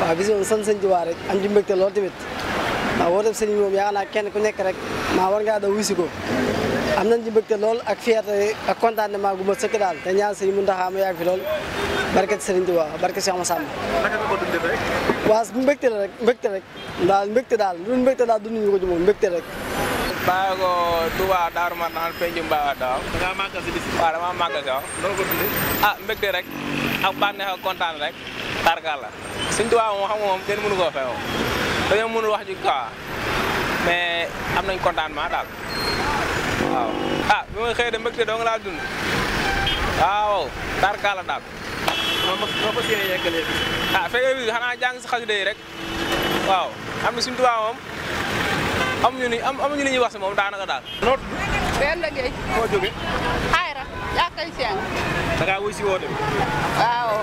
waaw bis moom sant sëñ Tuubaa am ci mbégte lool tamit waaw woo def sëñ bi moom yaakaar naa kenn ku nekk rek maa war ngaa daw wisi ko am nañ ci mbégte lool ak fierté ak contentement gu ma sëkk daal te ñaan sëñ Muntaxa mu yàgg fi lool barke sëriñ Tuubaa barke Cheikh Massamba waaw mbégte la rek mbégte rek daal mbégte daal lu mbégte daal dunduñu ko ci moom mbégte rek bàyyi ko Touba Darou Marnaan Penjum Mbaawat waaw. da ngaa màggal si bis bi. waaw damaa màggal si waaw. noo ko tuddee. ah mbégte rek ak bànneex ak kontaan rek targal la suñ Touba moom xam nga moom kenn mënu koo fay moom dañoo mënul wax ji quoi mais am nañ contentement daal waaw. ah bi ma xëy de mbégte doo nga laa dund waaw targal la daal. moo ma moo ko yeggalee bis. ah fekkee bi xanaa jàng si xasida yi rek waaw am na suñ Touba moom. amuñu ni amuñu li ñuy wax si moom daanaka daal. noo. benn géej. koo jógee. xayra jàkkay seen. da ngaa wuy si woote bi. waaw.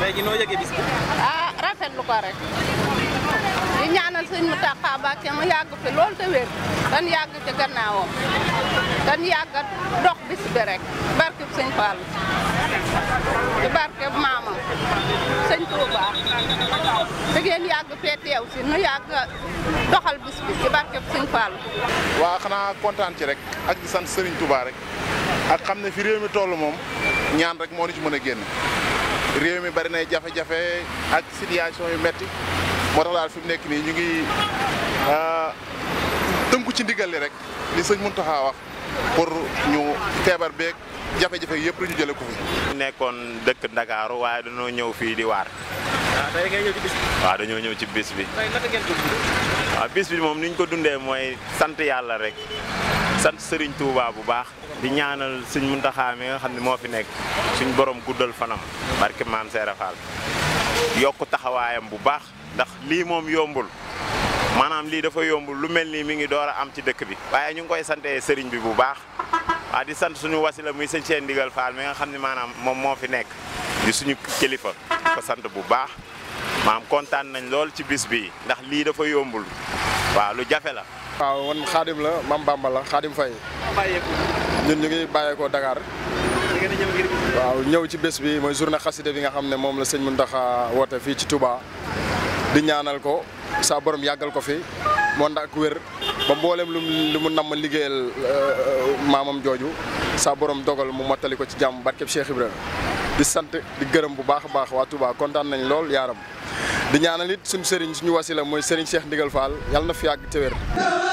léegi noo yëgee bis bi. ah rafetlu ko rek. di ñaanal sëñ Mountakha Mbacké mu yàgg fi loolu te wér dañ yàgg ci gannaawam dañ yàgg dox rek barkib sëñ Fallou. ci barkeb maamam sëñ Touba da ngeen yàgg fee teew si nu yàgg doxal bis bi ci barkeb sëñ waa xanaa kontaan ci rek ak di sant Serigne rek ak xam ne fi réew mi toll moom ñaan rek moo ni ci mën a génn réew mi bari nay jafe-jafe ak situation yu metti moo tax daal fi nekk nii ñu ngi ah, tënku ci ndigal li rek li sëñ Mountakha wax pour ñu feebar beeg. jafe-jafe yëpp ñu jëlee ko fi. nekkoon dëkk Ndakaaru waaye dañoo ñëw fii di waar. Ah, waaw dañoo ñëw ci bis bi. tey naka ah, bis bi moom ni ñu ko dundee mooy sant yàlla rek sant sëriñ Touba bu baax di ñaanal suñ Muntaxa mi nga xam ne moo fi nekk suñ borom guddal fanam barke maam Seera Fall yokk taxawaayam bu baax ndax lii moom yombul maanaam lii dafa yombul lu mel nii mi ngi door am ci dëkk bi waaye ñu ngi koy sante bi bu baax. waaw ah, di sant suñu wasila muy sëñ Cheikh Ndigal Fall mi nga xam ne maanaam moom moo fi nekk di suñu kilifa ko sant bu baax maam kontaan nañ lool ci bis bi ndax lii dafa yombul waaw lu jafe la. waaw man xaadim la mam Bamba la xaadim Faye. ñun ñu ngi bàyyeekoo Dakar. waaw ñëw ci bés bi mooy journée xasida bi nga xam ne moom la sëñ Mountakha woote fii ci tubaa di ñaanal ko saa borom yàggal ko fi moo ndax ak ba mbooleem lu lu mu namm liggéeyal euh, maamam jooju sa borom dogal mu mottali ko ci jàmm barkeb Cheikh Ibrahima di sant di gërëm bu baax a baax waa Touba kontaan nañ lool yaaram di ñaanal it suñu sëriñ suñu wasila mooy sëriñ Cheikh Ndigal al yàlla na fi yàgg te